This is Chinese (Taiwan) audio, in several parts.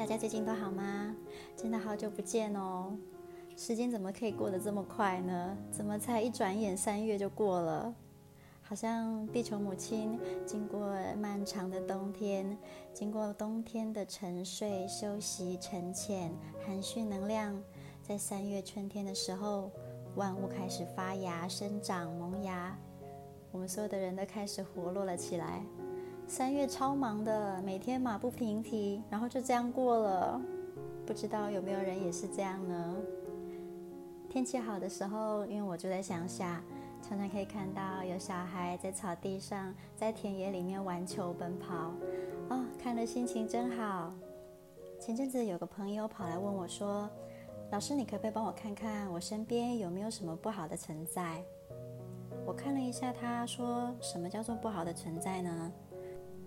大家最近都好嗎？真的好久不見哦！時間怎麼可以過得這麼快呢？怎麼才一轉眼三月就過了？好像地球母親經過漫長的冬天，經過冬天的沉睡、休息、沉潛、含蓄能量，在三月春天的時候，萬物開始發芽、生長、萌芽，我們所有的人都開始活絡了起來。三月超忙的，每天馬不停蹄，然後就這樣過了。不知道有沒有人也是這樣呢？天氣好的時候，因為我住在鄉下，常常可以看到有小孩在草地上、在田野裡面玩球、奔跑，啊、哦，看了心情真好。前陣子有個朋友跑來問我，說：“老師，你可不可以幫我看看我身邊有沒有什麼不好的存在？”我看了一下，他說：“什麼叫做不好的存在呢？”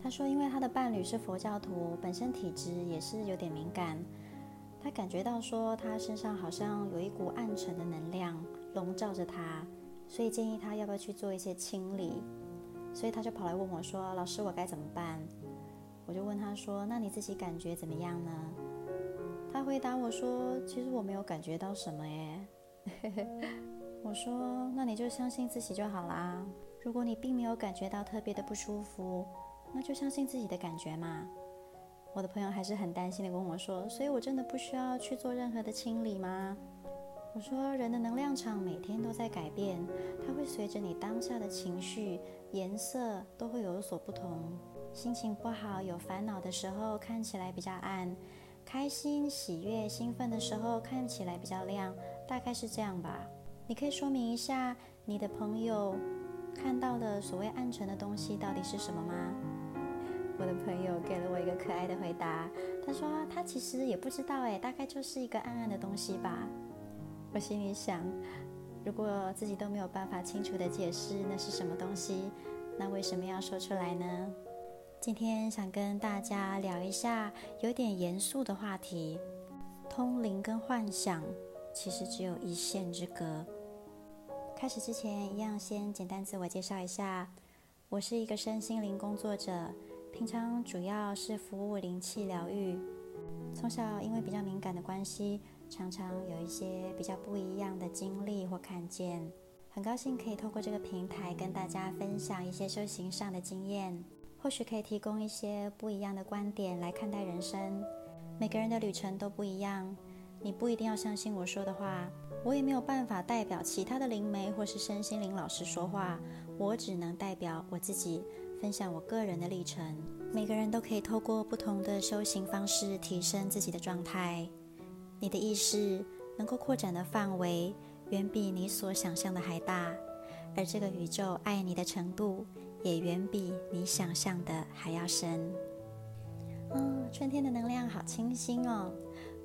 他說：“因為他的伴侶是佛教徒，本身體質也是有點敏感，他感覺到說他身上好像有一股暗沉的能量籠罩着他，所以建議他要不要去做一些清理。所以他就跑來問我，說：老師，我該怎麼辦？我就問他說：那你自己感覺怎麼樣呢？他回答我說：其實我沒有感覺到什麼耶。 我說：那你就相信自己就好啦。如果你並沒有感覺到特別的不舒服。”那就相信自己的感覺嘛。我的朋友還是很擔心的，問我說：“所以我真的不需要去做任何的清理嗎？”我說：“人的能量場每天都在改變，它會隨着你當下的情緒、顏色都會有所不同。心情不好、有煩惱的時候，看起來比較暗；開心、喜悅、興奮的時候，看起來比較亮。大概是這樣吧。你可以說明一下你的朋友看到的所謂暗沉的東西到底是什麼嗎？”我的朋友給了我一個可愛的回答，他說他其實也不知道哎，大概就是一個暗暗的東西吧。我心裡想，如果自己都沒有辦法清楚地解釋那是什麼東西，那為什麼要說出來呢？今天想跟大家聊一下有點嚴肅的話題，通靈跟幻想其實只有一線之隔。開始之前，一樣先簡單自我介紹一下，我是一個身心靈工作者。平常主要是服務靈氣療癒。從小因為比較敏感的關係，常常有一些比較不一樣的經歷或看見。很高興可以透過這個平台跟大家分享一些修行上的經驗，或許可以提供一些不一樣的觀點來看待人生。每個人的旅程都不一樣，你不一定要相信我說的話，我也沒有辦法代表其他的靈媒或是身心靈老師說話，我只能代表我自己。分享我個人的歷程，每個人都可以透過不同的修行方式提升自己的狀態。你的意識能夠擴展的範圍，遠比你所想象的還大，而這個宇宙愛你的程度，也遠比你想象的還要深。嗯，春天的能量好清新哦，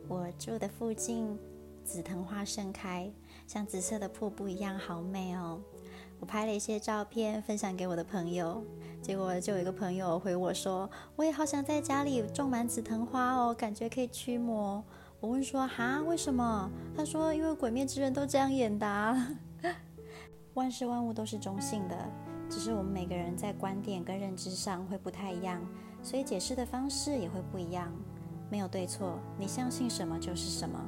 我住的附近紫藤花盛開，像紫色的瀑布一樣，好美哦。我拍了一些照片分享給我的朋友，結果就有一個朋友回我說：“我也好想在家裡種滿紫藤花哦，感覺可以驅魔。”我問說：“哈，為什麼？”他說：“因為鬼滅之刃都這樣演的啊。 ”萬事萬物都是中性的，只是我們每個人在觀點跟認知上會不太一樣，所以解釋的方式也會不一樣，沒有對錯，你相信什麼就是什麼。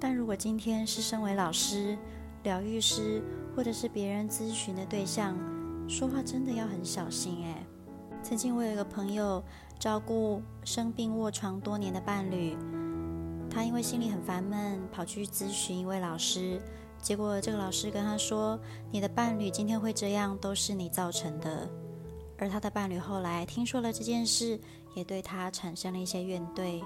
但如果今天是身為老師、療癒師，或者是別人諮詢的對象，說話真的要很小心哎。曾經我有一個朋友照顧生病臥床多年的伴侶，他因為心裡很煩悶，跑去諮詢一位老師，結果這個老師跟他說：“你的伴侶今天會這樣，都是你造成的。”而他的伴侶後來聽說了這件事，也對他產生了一些怨懟。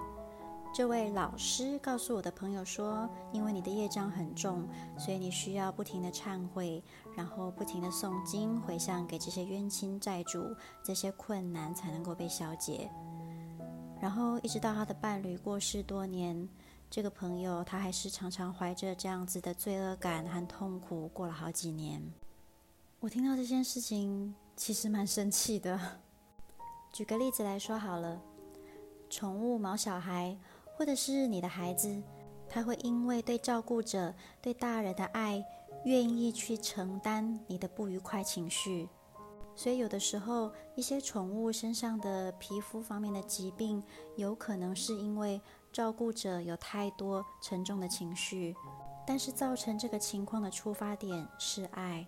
這位老師告訴我的朋友說：“因為你的業障很重，所以你需要不停地懺悔，然後不停地誦經回向給這些冤親債主，這些困難才能夠被消解。然後一直到他的伴侶過世多年，這個朋友他還是常常懷着這樣子的罪惡感和痛苦，過了好幾年。我聽到這件事情，其實蠻生氣的。舉個例子來說好了，寵物毛小孩。”或者是你的孩子，他會因為對照顧者、對大人的愛，願意去承擔你的不愉快情緒。所以有的時候，一些寵物身上的皮膚方面的疾病，有可能是因為照顧者有太多沉重的情緒，但是造成這個情況的出發點是愛。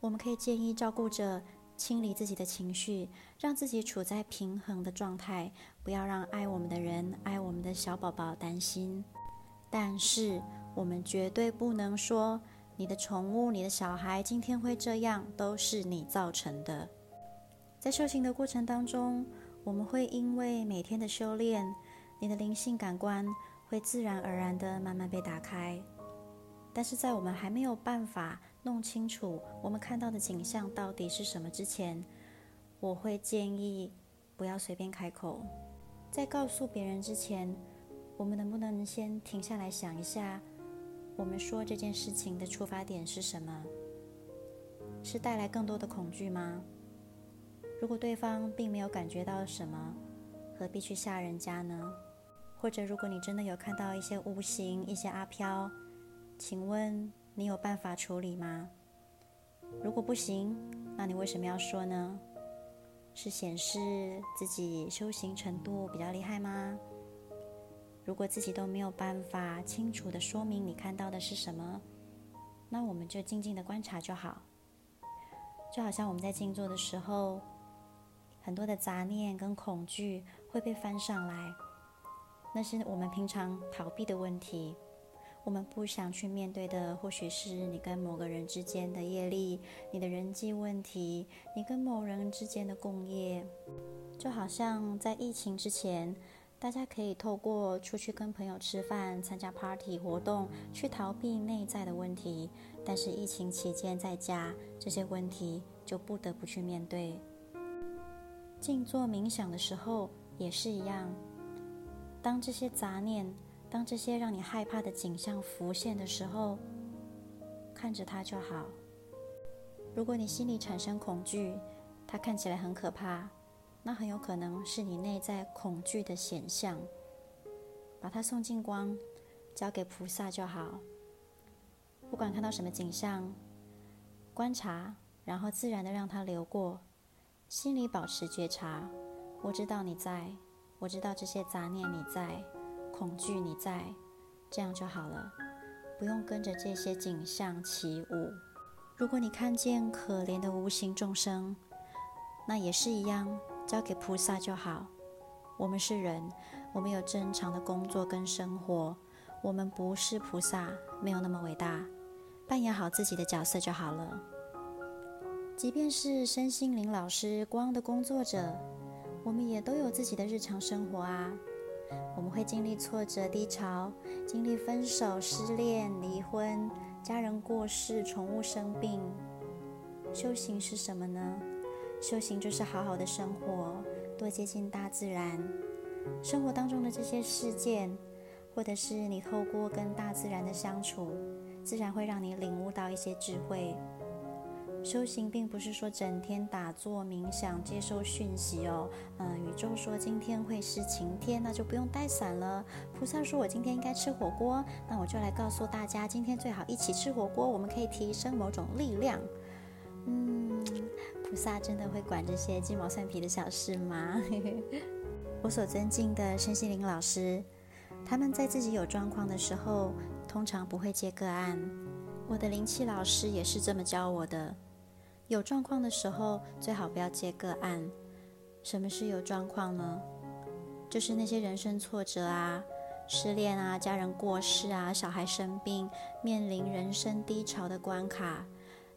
我們可以建議照顧者清理自己的情緒，讓自己處在平衡的狀態。不要讓愛我們的人、愛我們的小寶寶擔心。但是，我們絕對不能說你的寵物、你的小孩今天會這樣，都是你造成的。在修行的過程當中，我們會因為每天的修煉，你的靈性感官會自然而然地慢慢被打開。但是在我們還沒有辦法弄清楚我們看到的景象到底是什麼之前，我會建議不要隨便開口。在告訴別人之前，我們能不能先停下來想一下，我們說這件事情的出發點是什麼？是帶來更多的恐懼嗎？如果對方並沒有感覺到什麼，何必去嚇人家呢？或者，如果你真的有看到一些無形、一些阿飄，請問你有辦法處理嗎？如果不行，那你為什麼要說呢？是顯示自己修行程度比較厲害嗎？如果自己都沒有辦法清楚地說明你看到的是什麼，那我們就靜靜地觀察就好。就好像我們在靜坐的時候，很多的雜念跟恐懼會被翻上來，那是我們平常逃避的問題。我們不想去面對的，或許是你跟某個人之間的業力，你的人際問題，你跟某人之間的共業，就好像在疫情之前，大家可以透過出去跟朋友吃飯、參加 party 活動去逃避內在的問題，但是疫情期間在家，這些問題就不得不去面對。靜坐冥想的時候也是一樣，當這些雜念，當這些讓你害怕的景象浮現的時候，看着它就好。如果你心裡產生恐懼，它看起來很可怕，那很有可能是你內在恐懼的顯象。把它送進光，交給菩薩就好。不管看到什麼景象，觀察，然後自然地讓它流過，心裡保持覺察。我知道你在，我知道這些雜念你在。恐懼，你在這樣就好了，不用跟着這些景象起舞。如果你看見可憐的無形眾生，那也是一樣，交給菩薩就好。我們是人，我們有正常的工作跟生活，我們不是菩薩，沒有那麼偉大，扮演好自己的角色就好了。即便是身心靈老師光的工作者，我們也都有自己的日常生活啊。我們會經歷挫折、低潮，經歷分手、失戀、離婚，家人過世、寵物生病。修行是什麼呢？修行就是好好的生活，多接近大自然。生活當中的這些事件，或者是你透過跟大自然的相處，自然會讓你領悟到一些智慧。修行並不是說整天打坐冥想，接收訊息哦。嗯、呃，宇宙說今天會是晴天，那就不用帶傘了。菩薩說我今天應該吃火鍋，那我就來告訴大家，今天最好一起吃火鍋，我們可以提升某種力量。嗯，菩薩真的會管這些雞毛蒜皮的小事嗎？ 我所尊敬的身心靈老師，他們在自己有狀況的時候，通常不會接個案。我的靈氣老師也是這麼教我的。有狀況的時候，最好不要接個案。什麼是有狀況呢？就是那些人生挫折啊、失戀啊、家人過世啊、小孩生病、面臨人生低潮的關卡。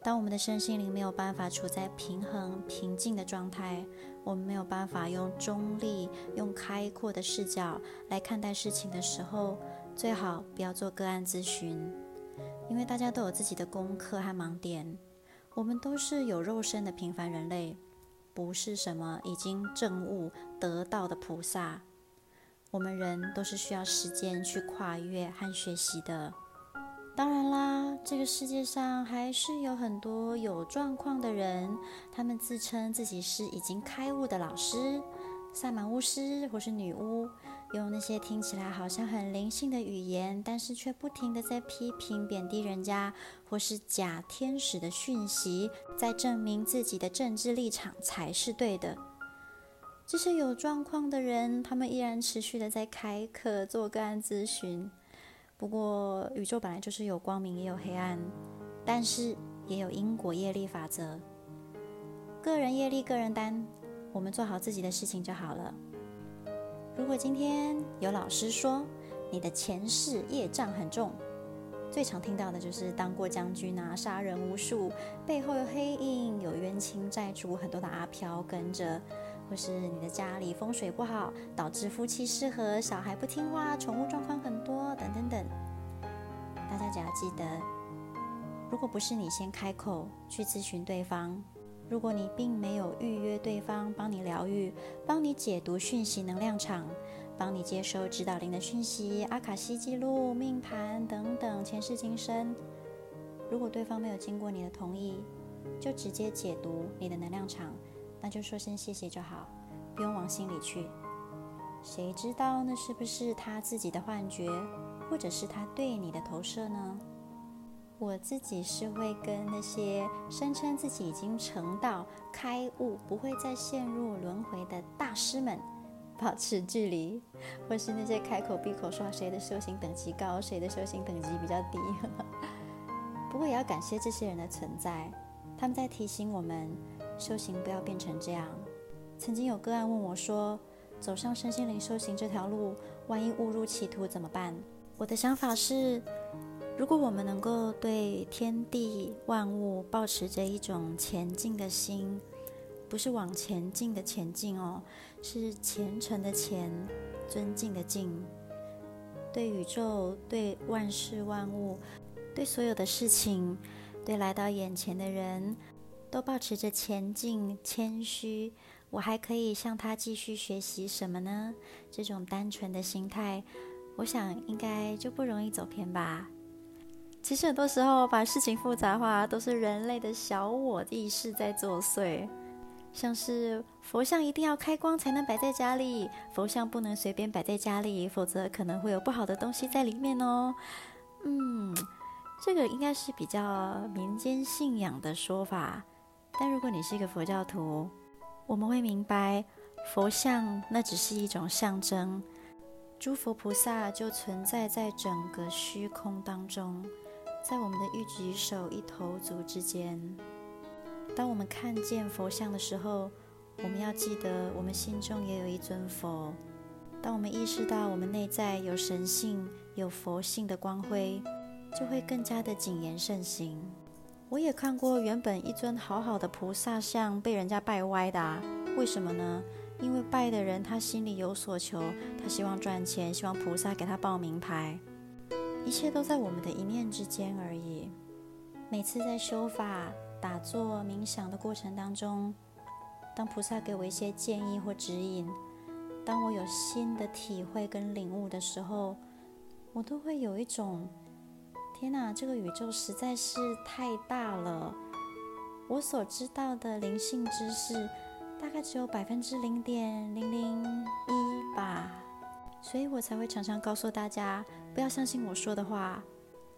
當我們的身心靈沒有辦法處在平衡、平靜的狀態，我們沒有辦法用中立、用開闊的視角來看待事情的時候，最好不要做個案諮詢，因為大家都有自己的功課和盲點。我們都是有肉身的平凡人類，不是什麼已經證悟得道的菩薩。我們人都是需要時間去跨越和學習的。當然啦，這個世界上還是有很多有狀況的人，他們自稱自己是已經開悟的老師、薩滿巫師或是女巫。用那些聽起來好像很靈性的語言，但是卻不停的在批評、貶低人家，或是假天使的訊息，在證明自己的政治立場才是對的。這些有狀況的人，他們依然持續的在開課做個案諮詢。不過，宇宙本來就是有光明也有黑暗，但是也有因果業力法則，個人業力個人擔，我們做好自己的事情就好了。如果今天有老師說你的前世業障很重，最常聽到的就是當過將軍啊，殺人無數，背後有黑影，有冤親債主，很多的阿飄跟着，或是你的家裡風水不好，導致夫妻失和，小孩不聽話，寵物狀況很多，等等等。大家只要記得，如果不是你先開口去諮詢對方。如果你並沒有預約對方幫你療癒、幫你解讀訊息能量場、幫你接收指導靈的訊息、阿卡西記錄、命盤等等前世今生，如果對方沒有經過你的同意，就直接解讀你的能量場，那就說聲謝謝就好，不用往心裡去。誰知道那是不是他自己的幻覺，或者是他對你的投射呢？我自己是會跟那些聲稱自己已經成道、開悟、不會再陷入輪迴的大師們保持距離，或是那些開口閉口說誰的修行等級高、誰的修行等級比較低。呵呵，不過也要感謝這些人的存在，他們在提醒我們修行不要變成這樣。曾經有個案問我說：“走上身心靈修行這條路，萬一誤入歧途怎麼辦？”我的想法是。如果我們能夠對天地萬物保持着一種虔敬的心，不是往前進的前進哦，是虔誠的虔，尊敬的敬，對宇宙、對萬事萬物、對所有的事情、對來到眼前的人，都保持着虔敬、謙虛，我還可以向他繼續學習什麼呢？這種單純的心態，我想應該就不容易走偏吧。其實很多時候把事情複雜化，都是人類的小我意識在作祟。像是佛像一定要開光才能擺在家裡，佛像不能隨便擺在家裡，否則可能會有不好的東西在裡面哦。嗯，這個應該是比較民間信仰的說法。但如果你是一個佛教徒，我們會明白，佛像那只是一種象徵，諸佛菩薩就存在在整個虛空當中。在我們的一舉手、一投足之間，當我們看見佛像的時候，我們要記得我們心中也有一尊佛。當我們意識到我們內在有神性、有佛性的光輝，就會更加的謹言慎行。我也看過原本一尊好好的菩薩像被人家拜歪的啊，為什麼呢？因為拜的人他心裡有所求，他希望賺錢，希望菩薩給他報名牌。一切都在我們的一念之間而已。每次在修法、打坐、冥想的過程當中，當菩薩給我一些建議或指引，當我有新的體會跟領悟的時候，我都會有一種：天哪，這個宇宙實在是太大了！我所知道的靈性知識，大概只有百分之零點零零一吧。所以我才會常常告訴大家，不要相信我說的話，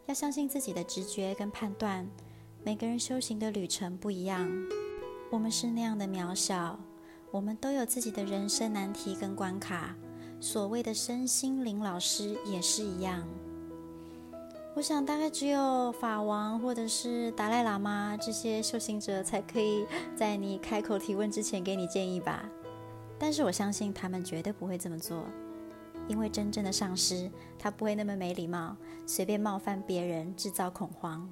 要相信自己的直覺跟判斷。每個人修行的旅程不一樣，我們是那樣的渺小，我們都有自己的人生難題跟關卡。所謂的身心靈老師也是一樣。我想大概只有法王或者是達賴喇嘛這些修行者才可以在你開口提問之前給你建議吧。但是我相信他們絕對不會這麼做。因為真正的上師，他不會那麼沒禮貌，隨便冒犯別人，制造恐慌。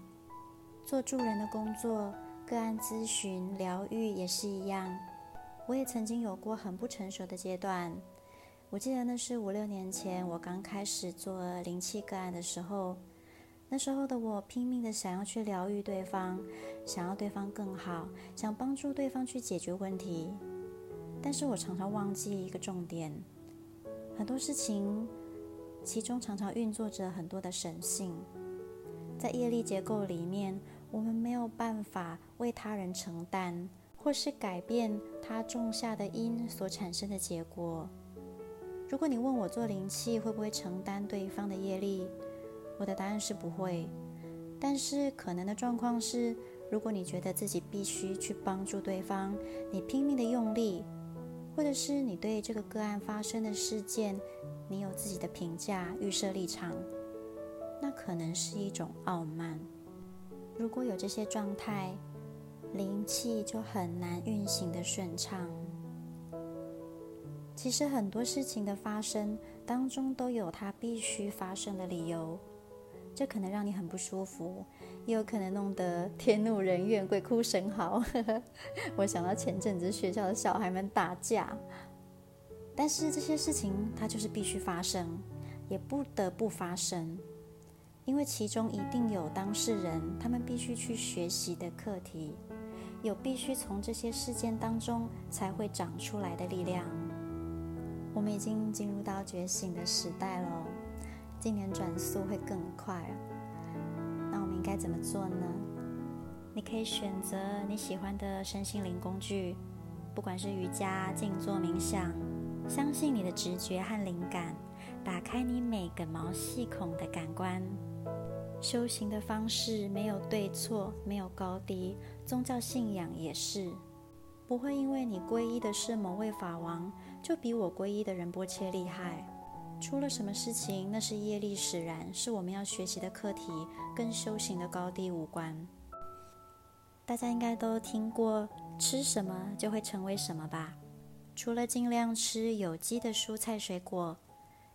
做助人的工作，個案諮詢、療癒也是一樣。我也曾經有過很不成熟的階段。我記得那是五六年前，我剛開始做靈氣個案的時候。那時候的我，拼命的想要去療癒對方，想要對方更好，想幫助對方去解決問題。但是我常常忘記一個重點。很多事情，其中常常運作着很多的神性。在業力結構裡面，我們沒有辦法為他人承擔，或是改變他種下的因所產生的結果。如果你問我做靈氣會不會承擔對方的業力，我的答案是不會。但是可能的狀況是，如果你覺得自己必須去幫助對方，你拼命的用力。或者是你對這個個案發生的事件，你有自己的評價、預設立場，那可能是一種傲慢。如果有這些狀態，靈氣就很難運行得順暢。其實很多事情的發生當中，都有它必須發生的理由。這可能讓你很不舒服，也有可能弄得天怒人怨、鬼哭神嚎。 我想到前陣子學校的小孩們打架，但是這些事情它就是必須發生，也不得不發生，因為其中一定有當事人，他們必須去學習的課題，有必須從這些事件當中才會長出來的力量。我們已經進入到覺醒的時代了。今年轉速會更快，那我們應該怎麼做呢？你可以選擇你喜歡的身心靈工具，不管是瑜伽、靜坐、冥想，相信你的直覺和靈感，打開你每個毛細孔的感官。修行的方式沒有對錯，沒有高低，宗教信仰也是，不會因為你皈依的是某位法王，就比我皈依的仁波切厲害。出了什麼事情，那是業力使然，是我們要學習的課題，跟修行的高低無關。大家應該都聽過“吃什麼就會成為什麼”吧？除了盡量吃有機的蔬菜水果，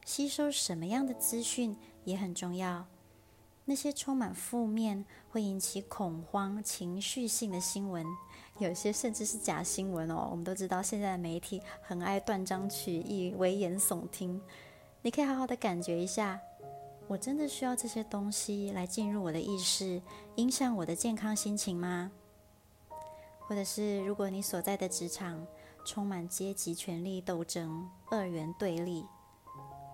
吸收什麼樣的資訊也很重要。那些充滿負面、會引起恐慌、情緒性的新聞，有些甚至是假新聞哦。我們都知道，現在的媒體很愛斷章取義、危言聳聽。你可以好好的感覺一下，我真的需要這些東西來進入我的意識，影響我的健康心情嗎？或者是如果你所在的職場充滿階級、權力鬥爭、二元對立，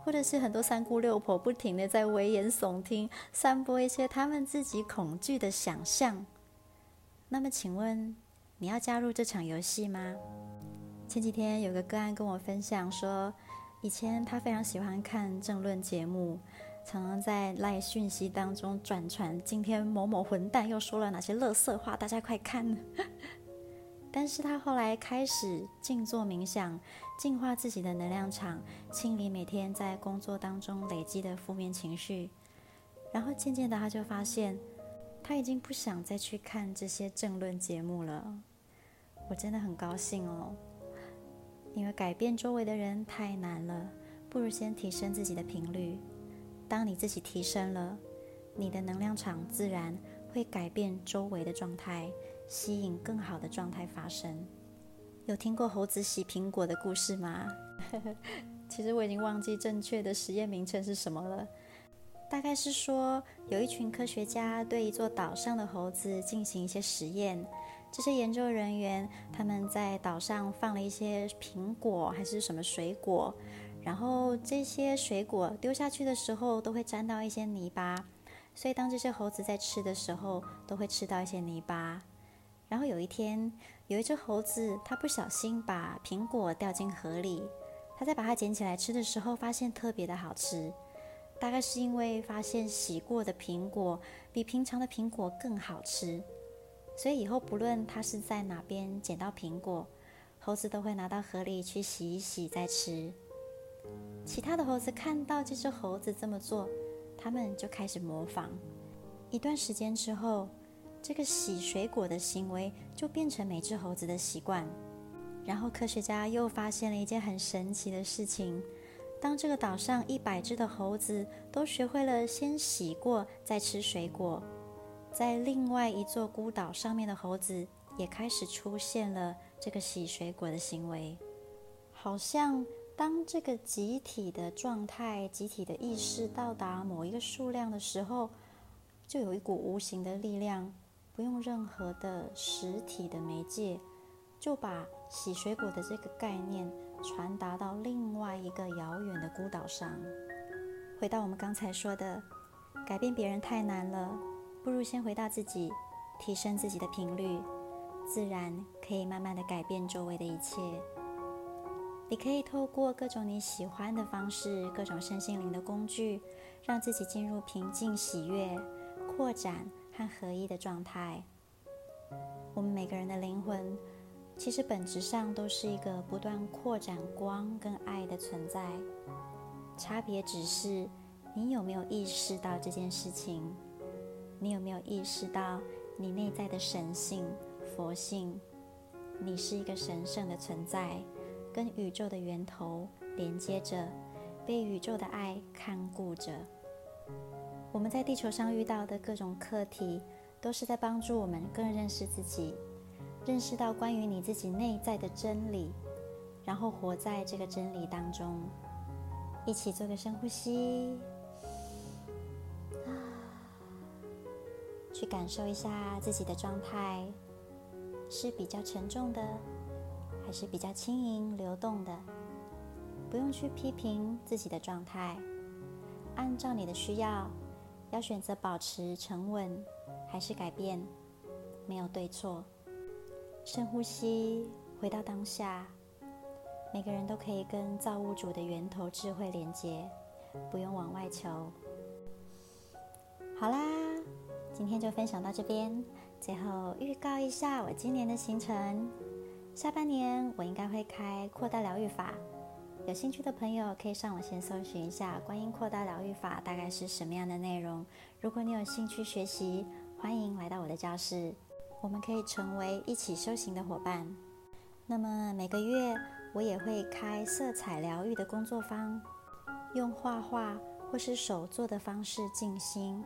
或者是很多三姑六婆不停地在危言聳聽，散播一些他們自己恐懼的想象，那麼請問你要加入這場遊戲嗎？前幾天有個個案跟我分享說。以前他非常喜歡看政論節目，常常在賴訊息當中轉傳，今天某某混蛋又說了哪些垃圾話，大家快看！ 但是他後來開始靜坐冥想，淨化自己的能量場，清理每天在工作當中累積的負面情緒，然後漸漸的他就發現，他已經不想再去看這些政論節目了。我真的很高興哦。因為改變周圍的人太難了，不如先提升自己的頻率。當你自己提升了，你的能量場自然會改變周圍的狀態，吸引更好的狀態發生。有聽過猴子洗蘋果的故事嗎？ 其實我已經忘記正確的實驗名稱是什麼了。大概是說，有一群科學家對一座島上的猴子進行一些實驗。這些研究人員他們在島上放了一些蘋果，還是什麼水果，然後這些水果丟下去的時候都會沾到一些泥巴，所以當這些猴子在吃的時候都會吃到一些泥巴。然後有一天，有一隻猴子它不小心把蘋果掉進河裡，它在把它撿起來吃的時候發現特別的好吃，大概是因為發現洗過的蘋果比平常的蘋果更好吃。所以以後不論他是在哪邊撿到蘋果，猴子都會拿到河裡去洗一洗再吃。其他的猴子看到這隻猴子這麼做，他們就開始模仿。一段時間之後，這個洗水果的行為就變成每隻猴子的習慣。然後科學家又發現了一件很神奇的事情，當這個島上一百隻的猴子都學會了先洗過再吃水果。在另外一座孤島上面的猴子也開始出現了這個洗水果的行為，好像當這個集體的狀態、集體的意識到達某一個數量的時候，就有一股無形的力量，不用任何的實體的媒介，就把洗水果的這個概念傳達到另外一個遙遠的孤島上。回到我們剛才說的，改變別人太難了。不如先回到自己，提升自己的頻率，自然可以慢慢地改變周圍的一切。你可以透過各種你喜歡的方式，各種身心靈的工具，讓自己進入平靜、喜悅、擴展和合一的狀態。我們每個人的靈魂，其實本質上都是一個不斷擴展光跟愛的存在，差別只是你有沒有意識到這件事情。你有沒有意識到，你內在的神性、佛性？你是一個神聖的存在，跟宇宙的源頭連接着，被宇宙的愛看顧着。我們在地球上遇到的各種課題，都是在幫助我們更認識自己，認識到關於你自己內在的真理，然後活在這個真理當中。一起做個深呼吸。去感受一下自己的狀態，是比較沉重的，還是比較輕盈流動的？不用去批評自己的狀態，按照你的需要，要選擇保持沉穩還是改變，沒有對錯。深呼吸，回到當下。每個人都可以跟造物主的源頭智慧連接，不用往外求。好啦。今天就分享到這邊。最後預告一下我今年的行程，下半年我應該會開擴大療癒法，有興趣的朋友可以上網先搜尋一下觀音擴大療癒法大概是什麼樣的內容。如果你有興趣學習，歡迎來到我的教室，我們可以成為一起修行的夥伴。那麼每個月我也會開色彩療癒的工作坊，用畫畫或是手作的方式進行。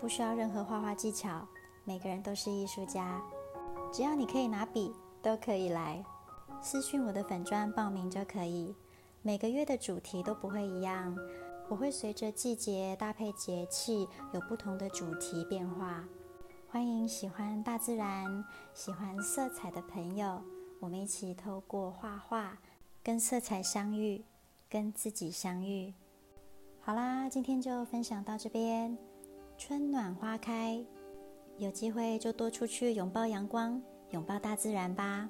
不需要任何畫畫技巧，每個人都是藝術家。只要你可以拿筆，都可以來私訊我的粉專報名就可以。每個月的主題都不會一樣，我會隨着季節搭配節氣，有不同的主題變化。歡迎喜歡大自然、喜歡色彩的朋友，我們一起透過畫畫跟色彩相遇，跟自己相遇。好啦，今天就分享到這邊。春暖花開，有機會就多出去擁抱陽光，擁抱大自然吧。